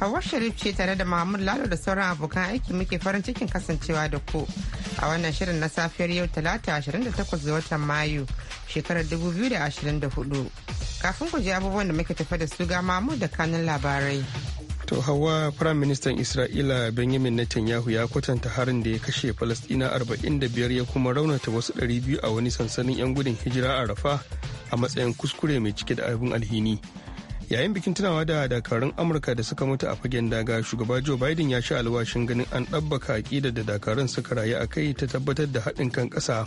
Hawar Sharif ce tare da Mahmud Lalo da sauran abokan aiki muke farin cikin kasancewa da ku a wannan shirin na safiyar yau talata 28 ga watan Mayu shekarar 2024. Kafin ku je abubuwan da muke tafa da su ga Mahmud da kanun labarai. To hawa Prime Minister Isra'ila Benjamin Netanyahu ya kwatanta harin da ya kashe Falasɗina 45 ya kuma raunata wasu 200 a wani sansanin 'yan gudun hijira a Rafa a matsayin kuskure mai cike da abin alhini. yayin bikin tunawa da dakarun amurka da suka mutu a fagen daga shugaba joe biden ya sha alwashin ganin an ɗabbaka aƙidar da dakarun suka rayu a kai ta tabbatar da haɗin kan ƙasa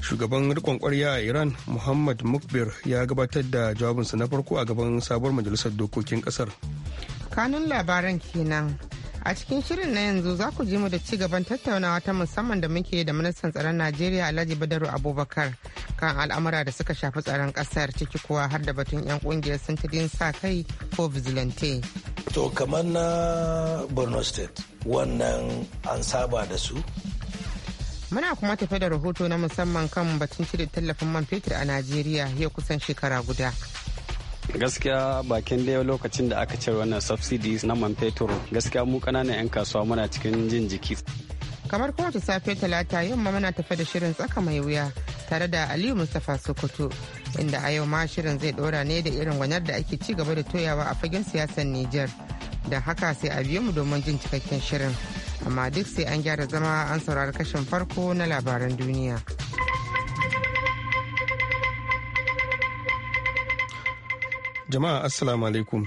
shugaban rikon kwarya a iran muhammad mukbir ya gabatar da jawabinsa na farko a gaban sabuwar majalisar dokokin ƙasar kanun labaran kenan A cikin shirin na yanzu za ku ji mu da ci gaban tattaunawa ta musamman da muke da ministan tsaron Najeriya Alhaji Badaru Abubakar kan al'amura da suka shafi tsaron kasar ciki kuwa har da batun 'yan kungiyar sintirin sa kai ko vigilante. To kamar na Borno State wannan an saba da su. Muna kuma tafe da rahoto na musamman kan batun cire tallafin man fetur a Najeriya yau kusan shekara guda. gaskiya bakin da lokacin da aka cire wannan subsidies na man fetur gaskiya mu kananan 'yan kasuwa muna cikin jin jiki kamar kowace safe talata yamma muna tafe da shirin tsaka mai wuya tare da aliyu mustapha sokoto inda a yau ma shirin zai dora ne da irin wanyar da ake ci gaba da toyawa a fagen siyasar niger da haka sai a biyo mu domin jin cikakken shirin amma duk sai an gyara zama an saurari kashin farko na labaran duniya. Jama'a Assalamu alaikum.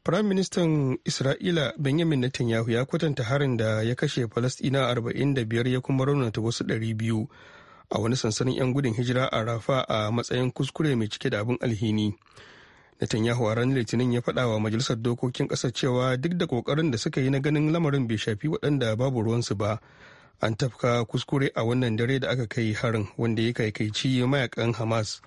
Firayim Ministan Isra'ila Benjamin Netanyahu ya kwatanta harin da ya kashe falastina arba'in da biyar ya kuma raunata wasu ɗari biyu a wani sansanin 'yan gudun hijira a Rafa a matsayin kuskure mai cike da abin alhini. Netanyahu a ranar Litinin ya faɗa wa Majalisar Dokokin ƙasar cewa duk da ƙoƙarin da suka yi na ganin lamarin bai shafi waɗanda babu ruwansu ba. An tafka kuskure a wannan dare da aka kai harin wanda ya kaikaici mayakan Hamas.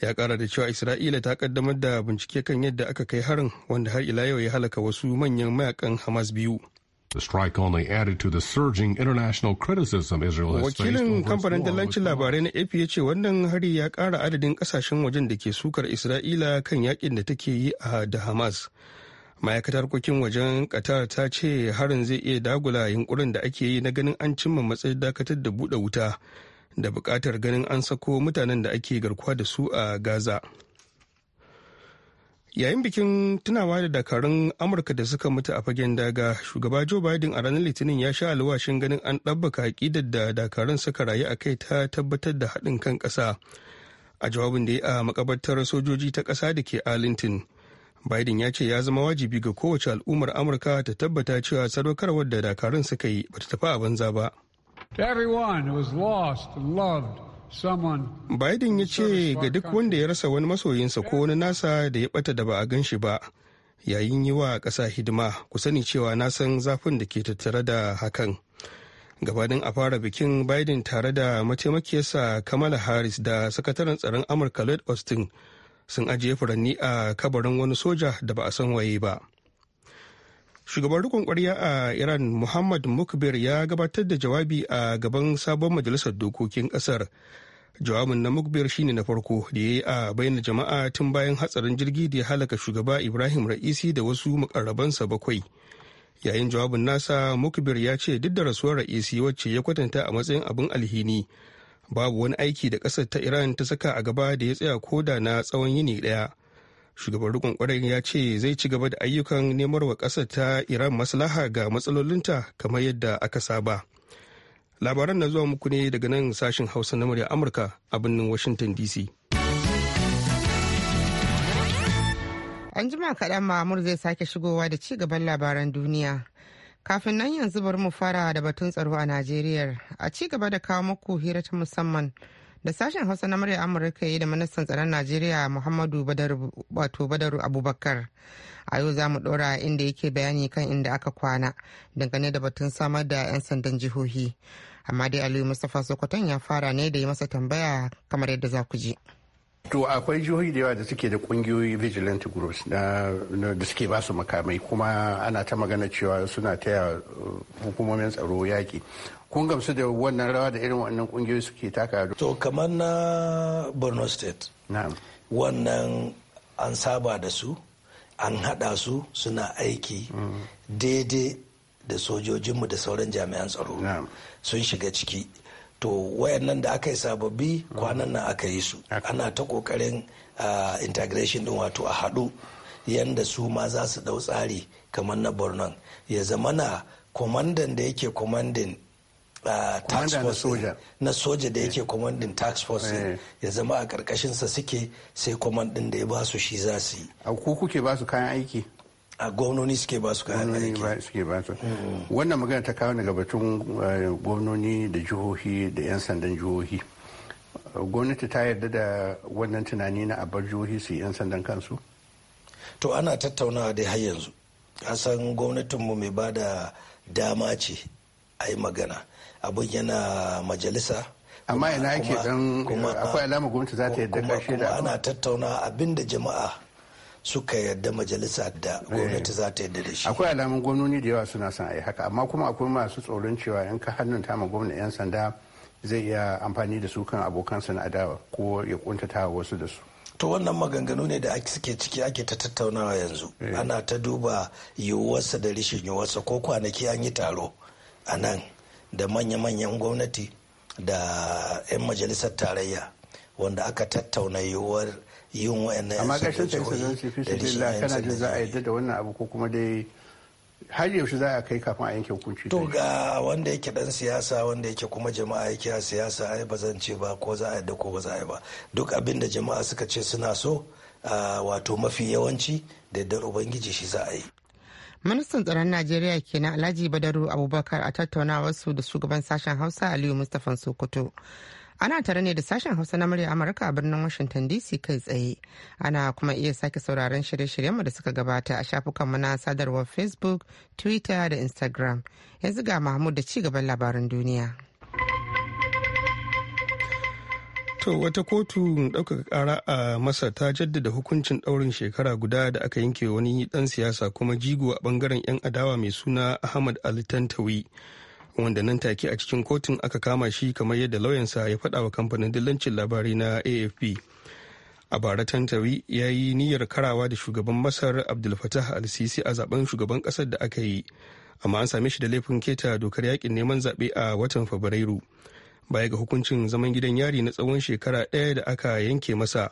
ya kara da cewa isra'ila ta kaddamar da bincike kan yadda aka kai harin wanda har ila yau ya halaka wasu manyan mayakan hamas biyu The strike only added international criticism Israel has Wakilin kamfanin dalancin labarai na AP ya ce wannan hari ya kara adadin kasashen wajen da ke sukar Isra'ila kan yakin da take yi a da Hamas. Ma'aikatar harkokin wajen Qatar ta ce harin zai iya dagula yunkurin da ake yi na ganin an cimma matsayin dakatar da buɗe wuta da buƙatar ganin an sako mutanen da ake garkuwa da su a gaza yayin bikin tunawa da dakarun amurka da suka mutu a fagen daga shugaba joe biden a ranar litinin ya sha alwashin ganin an ɗabbaka aƙidar da dakarun suka rayu a kai ta tabbatar da haɗin kan ƙasa a jawabin da ya a makabartar sojoji ta ƙasa da ke arlington biden ya ce ya zama wajibi ga kowace al'ummar amurka ta tabbata cewa sadaukarwar da dakarun suka yi bata tafi a banza ba Biden ya ce ga duk wanda ya rasa wani masoyinsa ko wani nasa da ya bata da ba a gan shi ba yayin yi wa ƙasa hidima ku sani cewa na san zafin da ke tattare da hakan. Gabanin a fara bikin Biden tare da mataimakiyarsa Kamala Harris da sakataren tsaron Amurka Lloyd Austin sun ajiye furanni a kabarin wani soja da ba a san waye ba. shugaban rikon kwarya a iran muhammad mukbir ya gabatar da jawabi a gaban sabon majalisar dokokin kasar jawabin na mukbir shine na farko da ya yi a bayan jama'a tun bayan hatsarin jirgi da ya halaka shugaba ibrahim ra'isi da wasu makarabansa bakwai yayin jawabin nasa mukbir ya ce duk da rasuwar ra'isi wacce ya kwatanta a matsayin abin alhini babu wani aiki da ƙasar ta iran ta saka a gaba da ya tsaya ko da na tsawon yini ɗaya shugaban rikon kwarai ya ce zai ci gaba da ayyukan nemar wa ƙasa ta iran maslaha ga matsalolinta kamar yadda aka saba labaran na zuwa muku ne daga nan sashen hausa na murya amurka a birnin washington dc an jima kaɗan mamur zai sake shigowa da ci gaban labaran duniya kafin nan yanzu bari mu fara da batun tsaro a najeriya a ci gaba da kawo muku hira ta musamman da sashen hausa na murya amurka yi da ministan tsaron najeriya muhammadu wato badaru abubakar a yau za mu dora inda yake bayani kan inda aka kwana dangane da batun samar da 'yan sandan jihohi amma dai aliyu mustapha sokoton ya fara ne da yi masa tambaya kamar yadda za ku ji. To akwai jihohi da yawa da suke da kungiyoyi vigilante groups da suke ba su makamai kuma ana ta magana cewa suna taya uh, hukumomin tsaro yaƙi. Kun gamsu da wannan rawa da irin wannan kungiyoyi suke taka To kamar na Borno State. Wannan an saba da su, an haɗa su suna aiki mm. daidai da sojojinmu da sauran jami'an tsaro sun shiga ciki. to wayannan da aka yi sababbi kwanan nan aka yi su ana ta kokarin integration din wato a haɗu yadda su ma za su ɗau tsari kamar na borno ya zama na kwamandan da yake kwamandin tax force na soja da yake eh. commanding tax force eh. ya zama a karkashin sa suke sai commanding da ya ba su shi za su yi ku kuke ba su kayan aiki a gwamnoni suke ba su kayan aiki suke ba su wannan magana ta kawo daga batun eh, gwamnoni da jihohi da 'yan sandan jihohi gwamnati ta yarda da wannan tunani na abar jihohi su 'yan sandan kansu to ana tattaunawa dai har yanzu kasan gwamnatinmu mai ba da dama ce a yi magana abin yana majalisa amma ina ake dan akwai alama gwamnati za ta yarda kashe da ana tattauna abin da jama'a suka yarda majalisa da gwamnati za ta yarda da shi akwai alamun gwamnoni da yawa suna son a yi haka amma kuma akwai masu tsoron cewa in ka hannun ta ma gwamnati yan sanda zai iya amfani da su kan abokan sa na adawa ko ya kuntata wasu da su to wannan maganganu ne da suke ciki ake ta tattaunawa yanzu eh. ana ta duba yiwuwarsa da rishin yiwuwarsa ko kwanaki an yi taro a nan da manya-manyan gwamnati da 'yan majalisar tarayya wanda aka tattauna yiwuwar yin wa'annan amma ƙarshen ta isa ce fi su kana jin za a yadda da wannan abu ko kuma dai har yaushe za a kai kafin a yanke hukunci to ga wanda yake dan siyasa wanda yake kuma jama'a yake a siyasa ai ba zan ce ba ko za a yadda ko ba za a yi ba duk abin da jama'a suka ce suna so wato mafi yawanci da yaddar ubangiji shi za a yi ministan tsaron najeriya kenan alhaji badaru abubakar a tattaunawarsu da shugaban sashen hausa aliyu mustapha sokoto Ana tare ne da sashen Hausa na murya Amurka a birnin Washington DC kai tsaye. Ana kuma iya sake sauraron shirye-shiryenmu da suka gabata a shafukan na sadarwar Facebook, Twitter da Instagram. Yanzu ga Mahmud da ci gaban labaran duniya. To wata kotu ɗaukaka ƙara a masa ta jaddada hukuncin ɗaurin shekara guda da aka yanke wani ɗan siyasa kuma jigo a ɓangaren 'yan adawa mai suna Ahmad Ali Tantawi. wanda nan take a cikin kotun aka kama shi kamar yadda lauyansa ya faɗa wa kamfanin dillancin labarai na afp a bara tantawi ya yi niyyar karawa da shugaban masar abdul fatah al-sisi a zaben shugaban kasar da aka yi amma an same shi da laifin keta dokar yakin neman zaɓe a watan fabrairu baya ga hukuncin zaman gidan yari na tsawon shekara ɗaya da aka yanke masa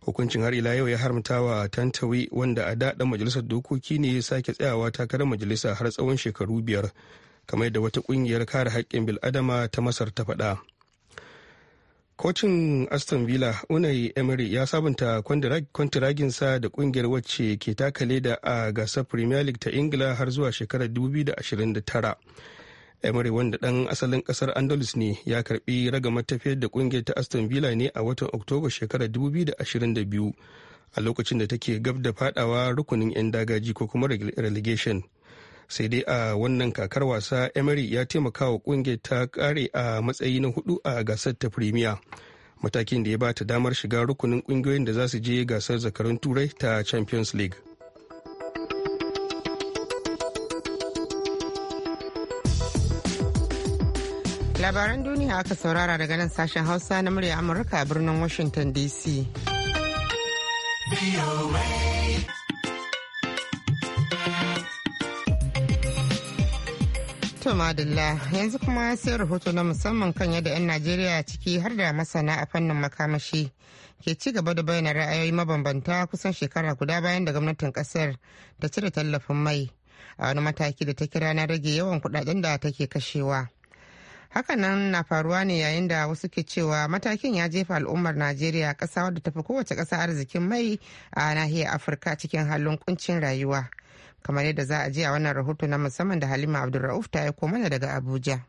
hukuncin har ila yau ya haramta wa tantawi wanda a daɗa majalisar dokoki ne ya sake tsayawa takarar majalisa har tsawon shekaru biyar kamar yadda wata kungiyar kare haƙƙin bil'adama ta masar ta faɗa kocin aston villa unai emery ya sabunta kwantiraginsa da kungiyar wacce ke taka leda a gasar premier league ta ingila har zuwa shekarar 2029 emery wanda dan asalin kasar andalus ne ya karbi raga tafiyar da kungiyar ta aston villa ne a watan oktoba shekarar 2022 a lokacin da take gab da fadawa rukunin 'yan dagaji ko kuma relegation sai dai a wannan kakar wasa emery ya taimaka wa kungiyar ta kare a matsayi na hudu a gasar ta premier matakin da ya ba ta damar shiga rukunin kungiyoyin da za su je gasar zakarun turai ta champions league labaran duniya aka saurara daga nan sashen hausa na murya amurka a birnin washington dc To madalla yanzu kuma sai rahoto na musamman kan yadda 'yan Najeriya ciki har da masana a fannin makamashi ke ci gaba da bayyana ra'ayoyi mabambanta kusan shekara guda bayan da gwamnatin kasar ta cire tallafin mai a wani mataki da ta kira na rage yawan kudaden da take kashewa. Hakanan na faruwa ne yayin da wasu ke cewa matakin ya jefa al'ummar Najeriya kasa wadda tafi kowace ƙasa arzikin mai a nahiyar Afirka cikin halin kuncin rayuwa. kamar yadda za a je a wannan rahoto na musamman da halima abdulra'uf ta aiko mana daga abuja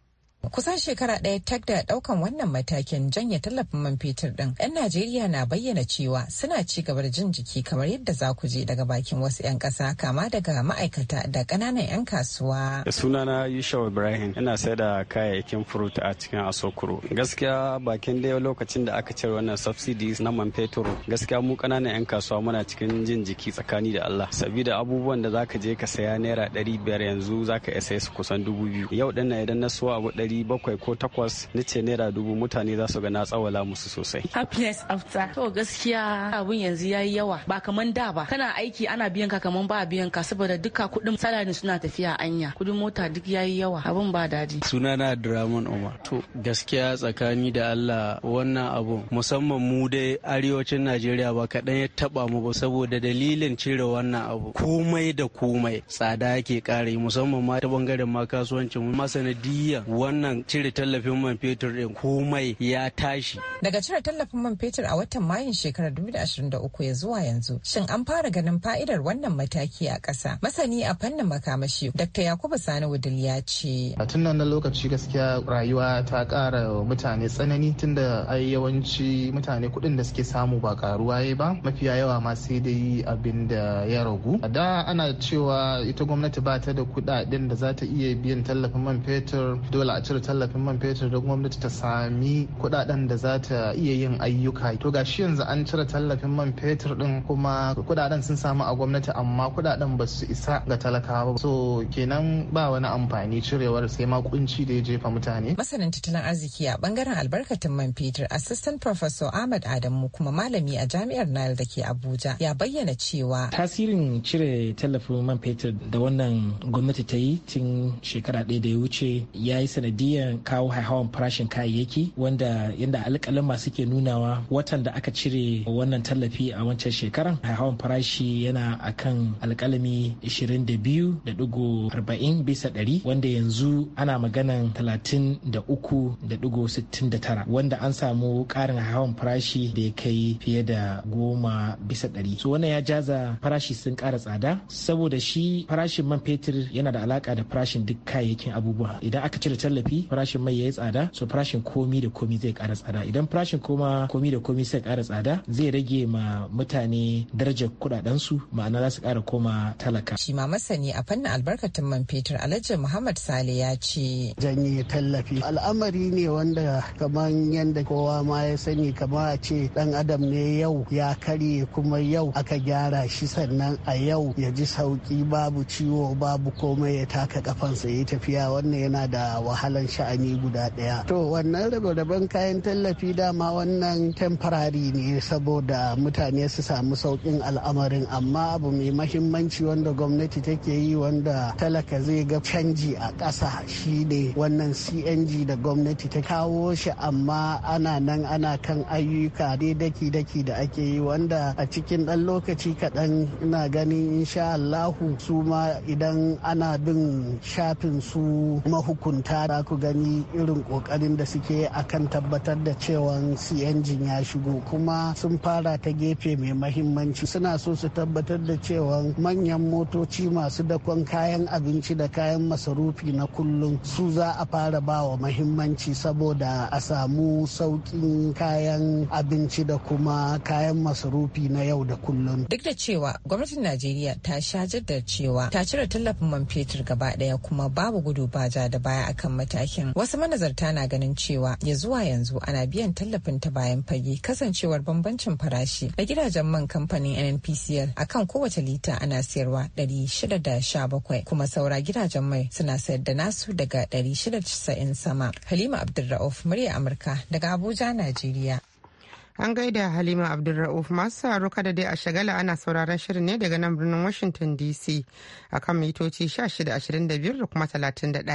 Kusan shekara ɗaya tak da ɗaukan wannan matakin janya tallafin man fetur ɗin, 'yan Najeriya na bayyana cewa suna ci gaba da jin jiki kamar yadda za ku je daga bakin wasu 'yan ƙasa kama daga ma'aikata da ƙananan 'yan kasuwa. Da Sunana Yusha Ibrahim, ina sai da kayayyakin furut a cikin Asokoro. Gaskiya bakin dai lokacin da aka cire wannan subsidies na man fetur, gaskiya mu ƙananan 'yan kasuwa muna cikin jin jiki tsakani da Allah. Sabida abubuwan da zaka je ka saya naira ɗari biyar yanzu zaka iya sai su kusan dubu biyu. Yau ɗin idan na so abu ɗari bakwai ko takwas na ce naira dubu mutane za su ga na tsawala musu sosai. Happiness after. To gaskiya abun yanzu ya yi yawa ba kaman da ba. Kana aiki ana biyan ka kaman ba biyan ka saboda duka kuɗin salari suna tafiya anya. Kuɗin mota duk ya yi yawa abun ba daɗi. Sunana Draman Omar. To gaskiya tsakani da Allah wannan abu. musamman mu dai arewacin Najeriya ba kaɗan ya taɓa mu ba saboda dalilin cire wannan abu. Komai da komai tsada yake ƙare musamman ma ta bangaren ma kasuwancin mu wannan wannan cire tallafin man fetur din komai ya tashi. Daga cire tallafin man fetur a watan Mayun shekarar 2023 ya zuwa yanzu, shin an fara ganin fa'idar wannan mataki a ƙasa? Masani a fannin makamashi, Dr. Yakubu Sani Wudil ya ce. A tun nan lokaci gaskiya rayuwa ta ƙara mutane tsanani tunda ai yawanci mutane kuɗin da suke samu ba ƙaruwa ya ba, mafiya yawa ma sai dai abin da ya ragu. A da ana cewa ita gwamnati ba ta da kuɗaɗen da za ta iya biyan tallafin man fetur dole a cire tallafin man fetur da gwamnati ta sami kudaden da za ta iya yin ayyuka to ga shi yanzu an cire tallafin man fetur din kuma kudaden sun samu a gwamnati amma kudaden ba su isa ga talakawa ba so kenan ba wani amfani cirewar sai ma kunci da ya jefa mutane masanin tattalin arziki a bangaren albarkatun man fetur assistant professor ahmad adamu kuma malami a jami'ar nile da ke abuja ya bayyana cewa tasirin cire tallafin man fetur da wannan gwamnati ta yi tun shekara ɗaya da ya wuce ya yi sanadi sanadiyar kawo haihawan farashin kayayyaki wanda yadda alƙalama suke nunawa watan da aka cire wannan tallafi a wancan shekaran haihawan farashi yana akan alƙalami 22.40 bisa ɗari wanda yanzu ana maganan 33.69 wanda an samu ƙarin haihawan farashi da ya kai fiye da goma bisa ɗari so wannan ya jaza farashi sun ƙara tsada saboda shi farashin man fetur yana da alaka da farashin duk kayayyakin abubuwa idan aka cire tallafi zafi farashin mai yayi tsada so farashin komi da komi zai ƙara tsada idan farashin kuma komi da komi sai ƙara tsada zai rage ma mutane darajar kuɗaɗen su ma'ana za su ƙara koma talaka shi ma masani a fannin albarkatun man fetur alhaji muhammad sale ya ce janye tallafi al'amari ne wanda kamar yadda kowa ma ya sani kamar a ce dan adam ne yau ya karye kuma yau aka gyara shi sannan a yau ya ji sauki babu ciwo babu komai ya taka kafansa ya tafiya wannan yana da wahala kallon sha'ani guda ɗaya to wannan rabe-raben kayan tallafi dama wannan temporary ne saboda mutane su samu sauƙin al'amarin amma abu mai mahimmanci wanda gwamnati take yi wanda talaka zai ga canji a ƙasa shi ne wannan cng da gwamnati ta kawo shi amma ana nan ana kan ayyuka dai daki-daki da ake yi wanda a cikin ɗan lokaci kaɗan ina ganin insha Allahu su ma idan ana bin shafin su mahukunta ku gani irin kokarin da suke akan tabbatar da cewa cng ya shigo kuma sun fara ta gefe mai mahimmanci suna so su tabbatar da cewa manyan motoci masu dakon kayan abinci da kayan masarufi na kullum su za a fara bawa mahimmanci saboda a samu sauƙin kayan abinci da kuma kayan masarufi na yau da kullum duk da cewa gwamnatin najeriya ta sha jaddada cewa ta cire tallafin man fetur gaba daya kuma babu gudu ba da baya akan mata matakin wasu manazarta na ganin cewa ya zuwa yanzu ana biyan tallafin ta bayan fage kasancewar bambancin farashi da gidajen man kamfanin nnpcl kan kowace lita ana sayarwa 617 kuma saura gidajen mai suna sayar da nasu daga 690 sama halima abdulra'uf murya amurka daga abuja najeriya An gaida Halima Abdulra'uf masu saro kada dai a shagala ana sauraron shirin ne daga nan birnin Washington DC a kan mitoci 1625 da kuma 31.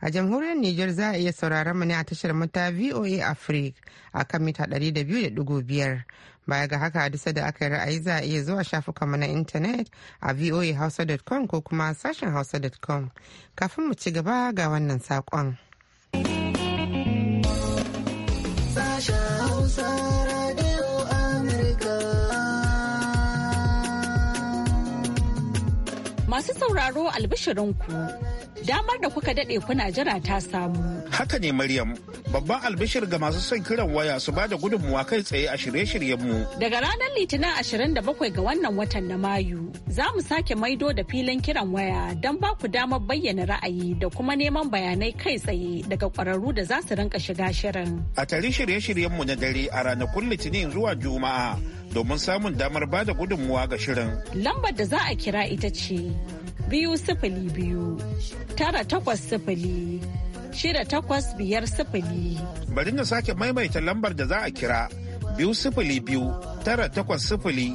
A jamhuriyar Nijar za a iya sauraron mu ne a tashar mata VOA Africa a kan mita 200.5. Baya ga haka hadisa da aka yi ra'ayi za a iya zuwa shafukanmu na intanet a voahausa.com ko kuma sashen hausa.com. Kafin mu ci gaba ga wannan saƙon. Masu sauraro albishirinku damar da kuka daɗe kuna jira ta samu. Haka ne Maryam, babban albishir ga masu son kiran waya su bada gudunmuwa kai tsaye a shirye-shiryenmu. Daga ranar Litinin ashirin da bakwai ga wannan watan na Mayu, za mu sake maido da filin kiran waya don ba ku damar bayyana ra'ayi da kuma neman bayanai kai tsaye daga ƙwararru da za su rinka shiga shirin. A tare shirye-shiryenmu na dare a ranakun Litinin zuwa Juma'a. domin samun damar ba da gudunmuwa ga shirin. Lambar da za a kira ita ce biyu sifili biyu tara takwas sifili shida takwas biyar sifili. Bari na sake maimaita lambar da za a kira biyu sifili biyu tara takwas sifili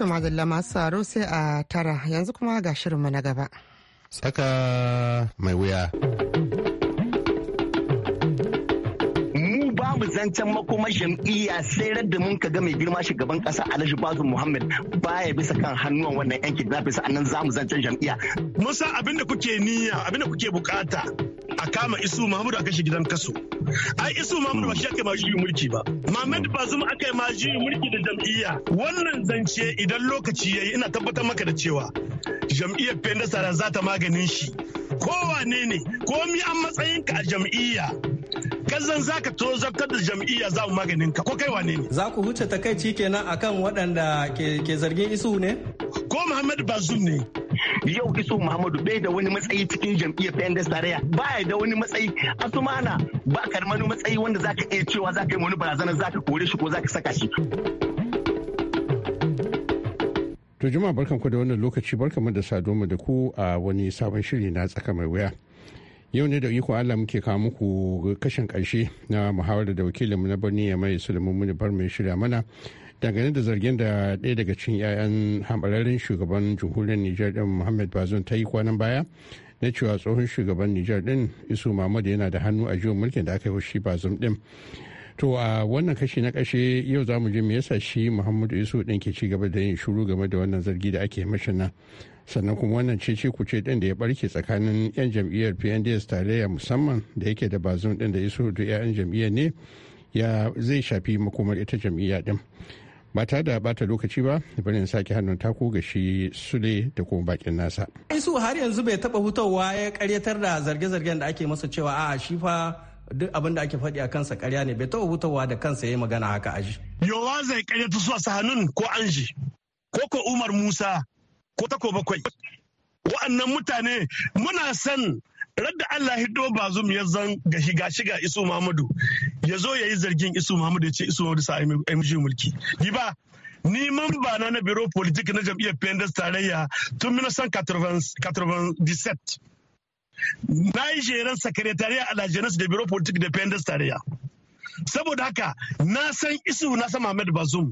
To madalla masu tsaro sai a tara yanzu kuma ga shirinmu na gaba. Saka mai wuya. babu zancen makomar jam'iyya sai radda mun ka ga mai girma shugaban kasa Alhaji bazu Muhammad baya bisa kan hannuwan wannan yan kidnappers annan zamu zancen jam'iyya. Musa abinda kuke niyya abinda kuke bukata a kama isu mahmud a kashe gidan kaso ai isu mahmud ba shi aka ma juyin mulki ba mahmud bazum aka yi ma juyin mulki da jam'iyya wannan zance idan lokaci yayi ina tabbatar maka da cewa jam'iyyar pendasara za ta maganin shi kowane ne komi an matsayinka a jam'iyya kazan zaka tozartar da jam'iyya za mu maganin ka ko kai wane ne za ku huce takaici kenan akan waɗanda ke zargin isu ne ko muhammadu bazum ne yau isu muhammadu bai da wani matsayi cikin jam'iyyar pendes tarayya baya da wani matsayi asumana ba karmanu matsayi wanda za ka iya cewa za ka yi wani barazanar za ka kore shi ko ka saka shi to juma barkan ku da wannan lokaci barkan mu da saduwa da ku a wani sabon shiri na tsaka mai wuya yau ne da iko allah muke kawo muku kashin karshe na muhawarar da wakilinmu na birni ya mai sulaiman muni bar mai shirya mana dangane da zargin da ɗaya daga cikin 'ya'yan hambararren shugaban jamhuriyar nijar din muhammad bazon ta yi kwanan baya na cewa tsohon shugaban nijar ɗin isu mahmud yana da hannu a jiwon mulkin da aka yi shi bazum ɗin to a wannan kashi na kashe yau za mu je me yasa shi muhammadu isu ɗin ke ci gaba da yin shiru game da wannan zargi da ake mashi nan sannan kuma wannan ce ku ce din da ya barke tsakanin 'yan jam'iyyar pnds tarayya musamman da yake da bazum din da iso da 'yan jam'iyyar ne ya zai shafi makomar ita jam'iyya din ba ta da bata lokaci ba bari in sake hannun tako ga shi sule da kuma bakin nasa isu har yanzu bai taba hutawa ya karyatar da zarge-zargen da ake masa cewa a shi fa duk abin da ake faɗi a kansa karya ne bai taba hutawa da kansa ya yi magana haka aji yowa zai karyata su a sahanun ko anji ko ko umar musa ko tako bakwai wa'annan mutane muna san radda Allah hiddo zum ya zan ga shiga shiga isu Muhammadu ya zo ya yi zargin isu Muhammadu ya ce isu Muhammadu sa MG mulki ni ba ni mamba na na biro politik na jam'iyyar PNDS tarayya tun 1997 na yi jeren sakaretariya a lajenas da biro politik da PNDS tarayya saboda haka na san isu na san Muhammadu Bazum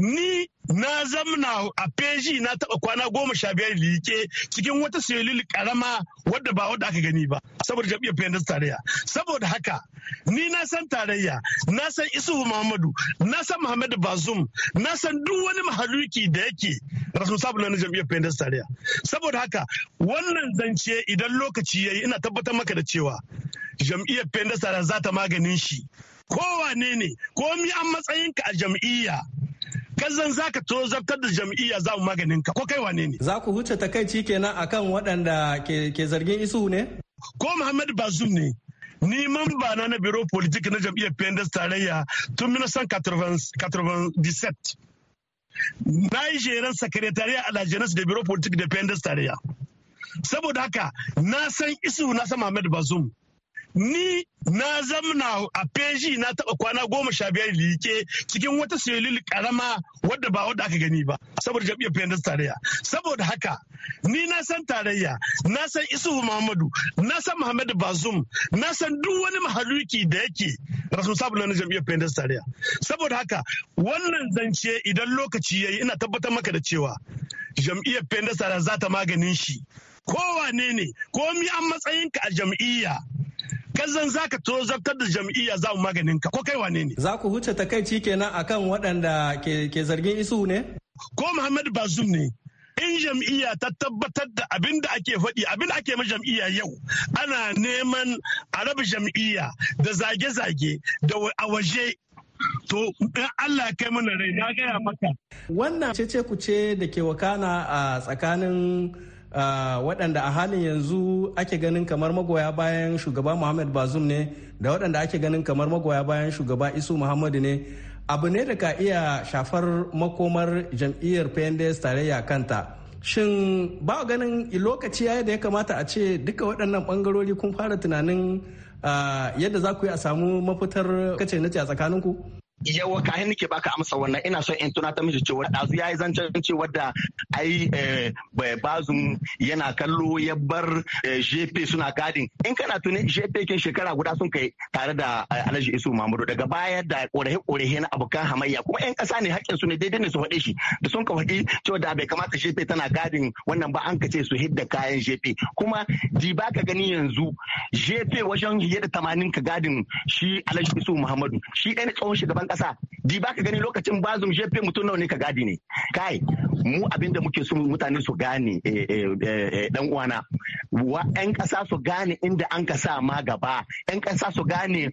ni na zamna a peji na taba kwana goma sha biyar liƙe cikin wata selil karama wadda ba wadda aka gani ba saboda jam'iyyar pendas tarayya saboda haka ni na san tarayya na san isuhu muhammadu na san muhammadu bazum na san duk wani mahaluki da yake sabula na jam'iyyar pendas tarayya saboda haka wannan zance idan lokaci yi ina tabbatar maka da cewa jam'iyyar pendas tarayya za ta maganin shi kowane ne komi an matsayinka a jam'iyya kazan zaka tozartar da jam'iyya za mu maganin ka ko kai wane ne za ku huce takaici kenan kan waɗanda ke zargin isu ne ko Muhammadu bazum ne ni mamba na na biro politik na jam'iyyar PNDS tarayya tun 1997 na yi jeren sakretariya a lajenas da biro politik da PNDS tarayya saboda haka na san isu na san Ahmed Bazum ni na zamna a feji na taba kwana goma sha biyar liƙe cikin wata selil karama wadda ba wadda aka gani ba saboda jam'iyyar pendas tarayya saboda haka ni na san tarayya na san isuhu muhammadu na san muhammadu bazum na san duk wani mahaluki da yake rasu responsable na jam'iyyar pendas tarayya saboda haka wannan zance idan lokaci yayi ina tabbatar maka da cewa jam'iyyar pendas tarayya za ta maganin shi kowane ne komi an matsayinka a jam'iyya kazan za zaka tozartar da jam'iyya za mu maganin ka ko kai wane ne za ku huce takaici kenan akan waɗanda ke zargin isu ne ko muhammad bazum ne in jam'iyya ta tabbatar da abin da ake faɗi abin da ake ma jam'iyya yau ana neman a jam'iyya da zage-zage da a waje to in Allah ya kai mana rai na gaya maka wannan ce ku ce da ke wakana a tsakanin Ah, waɗanda a halin yanzu ake ganin kamar magoya bayan shugaba muhammad bazum ne da waɗanda ake ganin kamar magoya bayan shugaba isu muhammadu ne abu ne da ka iya shafar makomar jam'iyyar pnds tarayya kanta shin ba ganin lokaci ya da ya kamata a ce duka waɗannan ɓangarori kun fara tunanin ah, yadda za ku yi a samu mafitar kace na a tsakaninku? ku yawa kayan nake baka amsa wannan ina son in tunatar miki cewa dazu yayi zancen cewa da ai eh, bazum yana kallo ya bar JP eh, suna gadin in kana tuni JP kin shekara guda sun kai tare da eh, Alhaji Isu Mamudu daga baya da kore kore na abokan hamayya kuma yan kasa ne hakkin su ne daidai ne su faɗe shi da sun ka faɗi cewa da bai kamata JP tana gadin wannan ba an ka ce su hidda kayan JP kuma di baka gani yanzu JP wajen yadda da 80 ka gadin shi Alhaji Isu Muhammadu shi ɗaya ne tsohon shugaban kasa di ba ka gani lokacin bazum jefe mutum nawa ne ka gadi ne kai mu abin da muke so mutane su gane eh, eh, eh, dan uwana wa yan kasa su gane inda an ka sa ma gaba yan kasa su gane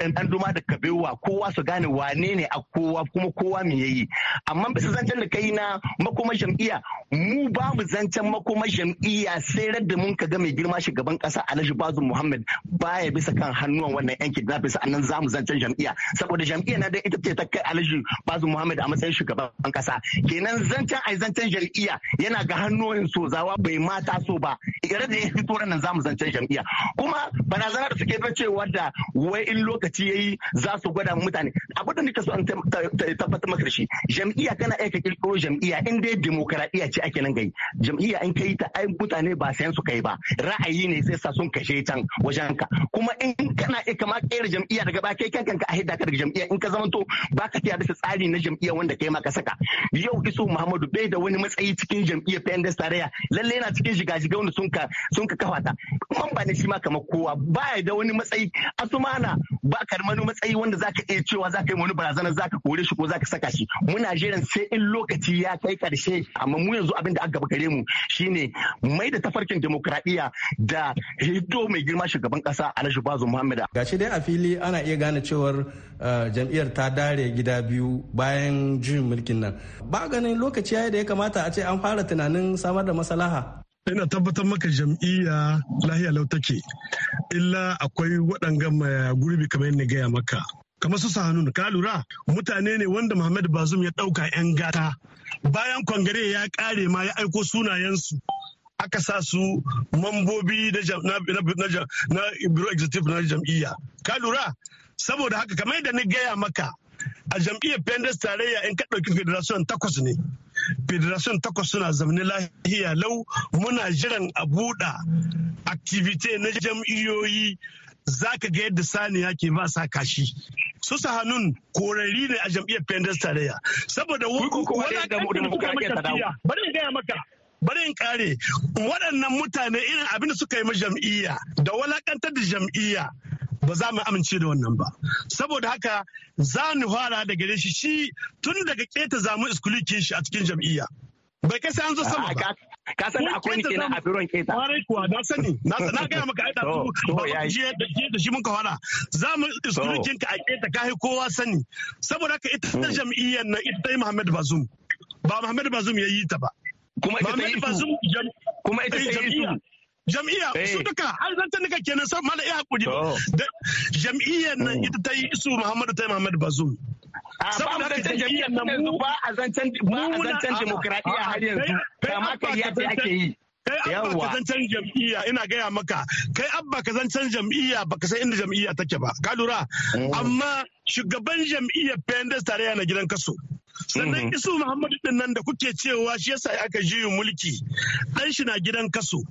dan duma da kabewa kowa su gane wane ne a kowa kuma kowa me yayi amma bisa zancen da kai na makoma jam'iyya mu ba mu zancen makoma jam'iyya sai radda mun ka ga mai girma shugaban kasa Alhaji Bazum Muhammad baya bisa kan hannuwan wannan yan bisa annan zamu zancen jam'iyya saboda jam'iyya na da ita ce ta kai alhaji bazu muhammad a matsayin shugaban kasa kenan zancen ai zancen jam'iyya yana ga hannuwan sozawa bai ma taso ba ire da ya fito nan zamu zancen jam'iyya kuma barazana da suke ta cewa da wai in lokaci yayi za su gwada mutane abu da nika so an tabbatar maka shi jam'iyya kana aika kirkiro jam'iyya in dai demokradiya ce ake nan gai jam'iyya in kai ta ai mutane ba sayan su kai ba ra'ayi ne sai sa sun kashe can wajenka kuma in kana aika ma kera jam'iyya daga ba kai kanka a hidda ka daga jam'iyya in ka ka zamanto ba ka tiya bisa tsari na jam'iyyar wanda kai ma saka yau isu muhammadu bai da wani matsayi cikin jam'iyyar pendes tarayya lalle yana cikin shiga-shiga wanda sun ka sun ka kafa ta ba ne shi ma kamar kowa ba da wani matsayi asumana ba ka wani matsayi wanda zaka iya cewa zaka yi wani barazanar zaka kore shi ko zaka saka shi muna jiran sai in lokaci ya kai karshe amma mu yanzu abin da aka gaba gare mu shine mai da tafarkin demokradiyya da hiddo mai girma shugaban kasa Alhaji Bazoum Muhammad gashi dai a fili ana iya gane cewar eh, jam'iyyar jam'iyyar ta dare gida biyu bayan juyin mulkin nan ba ganin lokaci yayi da ya kamata a ce an fara tunanin samar da masalaha. ina tabbatar maka jam'iyya lahiya lau illa akwai waɗanga gurbi kamar yadda gaya maka kamar su sahanu ka lura mutane ne wanda Muhammad Bazum ya ɗauka 'yan gata bayan kwangare ya ƙare ma ya aiko sunayensu aka sa su mambobi na executive na jam'iyya ka lura saboda haka kamar yadda ni gaya maka a jam'iyyar pendes tarayya in ka ɗauki federation takwas ne federation takwas suna zamani lahiya lau muna jiran a buɗa activity na jam'iyyoyi za ka ga yadda saniya ke ba sa kashi su sahanun korari ne a jam'iyyar pendes tarayya saboda wani da kuka bari in gaya maka bari in kare waɗannan mutane irin abin da suka yi ma jam'iyya da walakantar da jam'iyya ba za mu amince da wannan ba saboda haka za ni fara da gare shi shi tun daga keta zamu iskulikin shi a cikin jam'iyya bai kai sai an zo sama ba ka san da akwai kenan a biron keta kwarai kuwa na sani na gaya maka ai da su ba da da shi mun ka fara za mu iskulikin ka a keta kai kowa sani saboda haka ita ta hmm. jam'iyyar nan ita Muhammad Bazum ba Muhammad Bazum ya yi ta ba kuma ita ta yi kuma ita ta yi jam'iyya su eh. duka an zancen nika kenan san mala iya hakuri da jam'iyyar nan mm. ita ta yi isu Muhammadu ta yi Muhammadu Bazoum saboda da jam'iyyar nan mu ba a zancen ba a zancen demokradiya har yanzu kama kariya ce ake yi kai abba ka zancen jam'iyya ina gaya maka kai abba ka zancen jam'iyya baka san inda jam'iyya take ba ka lura mm. amma shugaban jam'iyya pendes tarayya na gidan kaso sannan mm-hmm. isu muhammadu din nan da kuke cewa shi yasa aka juyin mulki dan shi na gidan kaso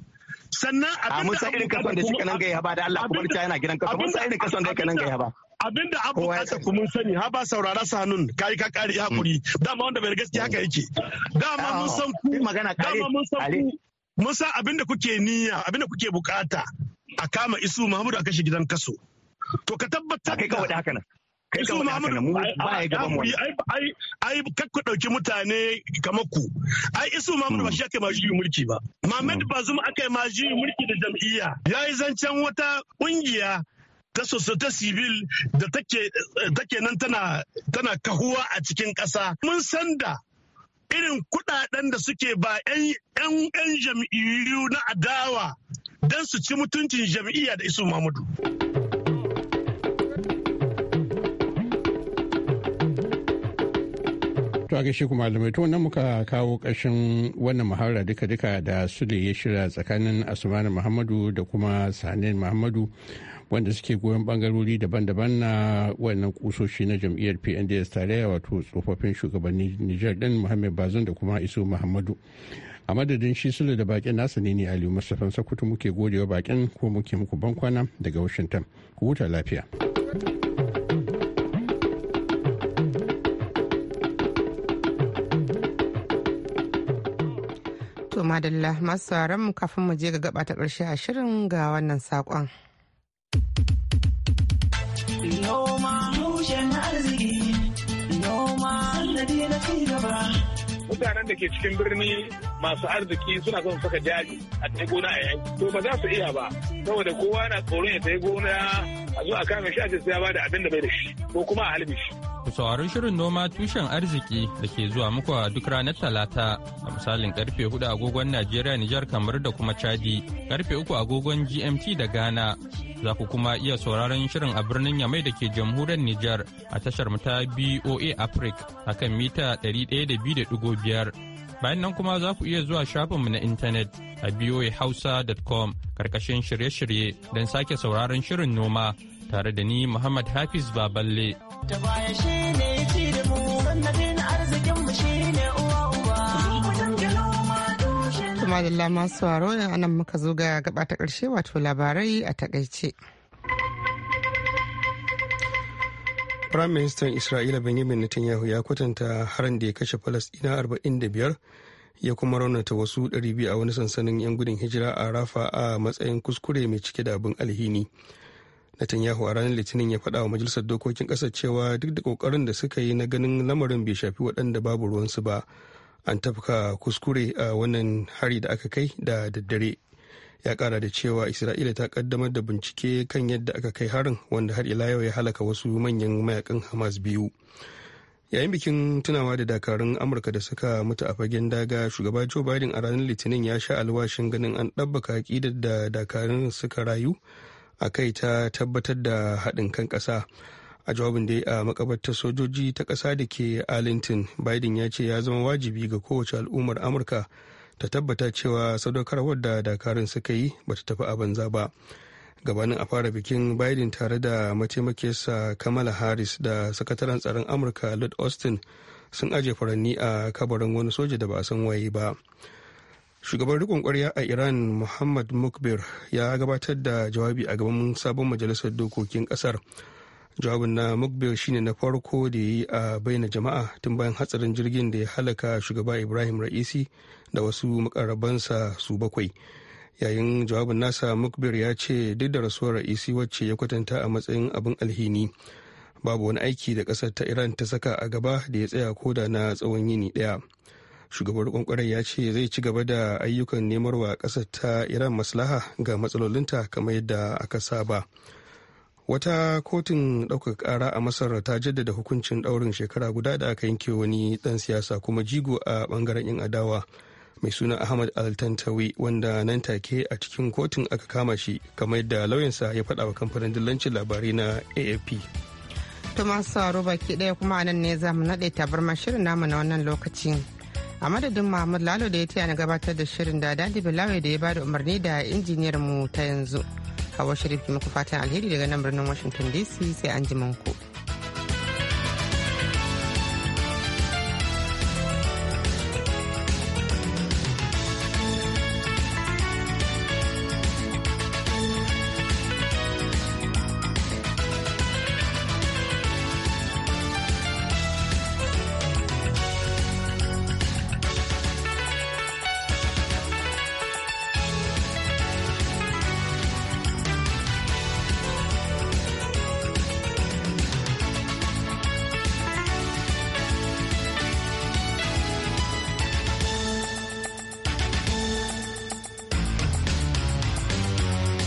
sannan abin da san irin kason da shi kanan gaya ba da Allah kuma ta yana gidan kaso mun san irin kason da kanan gaya ba Abinda abu kasa ku mun sani ha ba saurara su hannun kai ka kare hakuri mm. dama wanda bai gaskiya haka yake dama mun san ku magana kare mun san ku mun san kuke niyya abinda kuke bukata a kama isu Muhammadu a kashe gidan kaso to ka tabbatar kai kawai haka nan kai ka wani gaban mutane kamar ku ai isu mamadu ba hmm. shi aka ma juyi mulki ba Muhammad hmm. Bazum aka ma juyi mulki da jam'iyya Ya yi zancen wata ƙungiya ta ta civil da take nan tana tana kahuwa a cikin ƙasa mun san da irin kuɗaɗen da suke ba 'yan jam'iyyu na adawa don su ci mutuncin jam'iyya da isu mamadu a gaishe kuma malamai to wannan muka kawo ƙarshen wannan muhawara duka-duka da Sule ya shirya tsakanin Asmanu Muhammadu da kuma Sanin Muhammadu wanda suke goyon bangarori daban-daban na wannan kusoshi na jam'iyyar PNDS tarayya wato tsofaffin shugabannin Nijar din Muhammad Bazin da kuma iso Muhammadu. A madadin shi Sule da bakin nasa ne ne Aliyu Mustapha Sakutu muke godewa bakin ko muke muku bankwana daga Washington. Ku huta lafiya. madalla masu mu kafin mu je ga gaba ta ƙarshe a shirin ga wannan saƙon. Noma mushen arziki, noma sannadi na ci mutanen da ke cikin birni masu arziki suna son saka jari a ta gona a yayi to ba za su iya ba saboda kowa na tsoron ya gona a zo a kame shi a ce sai ya bada abin da bai da shi ko kuma a halbe shi ku saurari shirin noma tushen arziki da ke zuwa muku a duk ranar talata a misalin karfe 4 agogon najeriya nijar kamar da kuma chadi karfe 3 agogon gmt da ghana za ku kuma iya sauraron shirin a birnin yamai da ke jamhuriyar nijar a tashar ta boa africa a kan mita 102.5 bayan nan kuma za ku iya zuwa shafinmu na intanet a boahausa.com karkashin shirye-shirye don sake sauraron shirin noma tare da ni Muhammad Hafiz Baballe. Tumadalla baya waro shi ne uwa anan muka zo ga gaba ta ƙarshe wato labarai a takaice. Prime Minister Isra'ila Benjamin Netanyahu ya kwatanta harin da ya kashe Falasɗina 45 ya kuma raunata wasu 200 a wani sansanin 'yan gudun hijira a Rafa a matsayin kuskure mai cike da abin alhini. Netanyahu a ranar Litinin ya faɗa wa Majalisar Dokokin ƙasar cewa duk da ƙoƙarin da suka yi na ganin lamarin bai shafi waɗanda babu ruwansu ba, an tafka kuskure a wannan hari da aka kai da daddare. Ya ƙara da cewa Isra'ila ta ƙaddamar da bincike kan yadda aka kai harin wanda har ila yau ya halaka wasu manyan mayakan Hamas biyu. yayin bikin tunawa da dakarun amurka da suka mutu a fagen daga shugaba joe biden a ranar litinin ya sha alwashin ganin an ɗabbaka ƙidar da dakarun suka rayu a kai ta tabbatar da haɗin kan ƙasa a jawabin da a makabartar sojoji ta ƙasa da ke arlington biden ya ce ya zama wajibi ga kowace al'ummar amurka ta tabbata cewa sadaukarwar da dakarun suka yi ba ta tafi a banza ba gabanin a fara bikin biden tare da mataimakiyarsa kamala harris da sakataren tsaron amurka lord austin sun aje furanni a kabarin wani soja da ba a san waye ba shugaban rikon kwarya a iran muhammad mukbir ya gabatar da jawabi a gaban sabon majalisar dokokin kasar jawabin na mukbir shine na farko da ya yi a bayyana jama'a tun bayan hatsarin jirgin da ya halaka shugaba ibrahim ra'isi da wasu makarabansa su bakwai yayin jawabin nasa mukbir ya ce duk da rasuwar ra'isi wacce ya kwatanta a matsayin abin alhini babu wani aiki da ƙasar ta iran ta saka a gaba da ya tsaya ko da na tsawon yini daya. shugaban kwankwarai ya ce zai ci gaba da ayyukan nemar wa ta iran maslaha ga matsalolinta kamar yadda aka saba wata kotun ɗaukar ƙara a masar ta jaddada hukuncin ɗaurin shekara guda da aka yanke wani ɗan siyasa kuma jigo a ɓangaren yan adawa mai suna ahmad altantawi wanda nan take a cikin kotun aka kama shi kamar yadda lauyansa ya faɗa wa kamfanin dillancin labarai na afp to masu roba ke ɗaya kuma a nan ne za mu naɗe tabarma shirin namu na wannan lokacin a madadin mahmud lalo da ya tiya na gabatar da shirin da dadi Bilawai da ya bada umarni da injiniyar mu ta yanzu hawa sharif muku fatan alheri daga nan birnin washington dc sai an ku.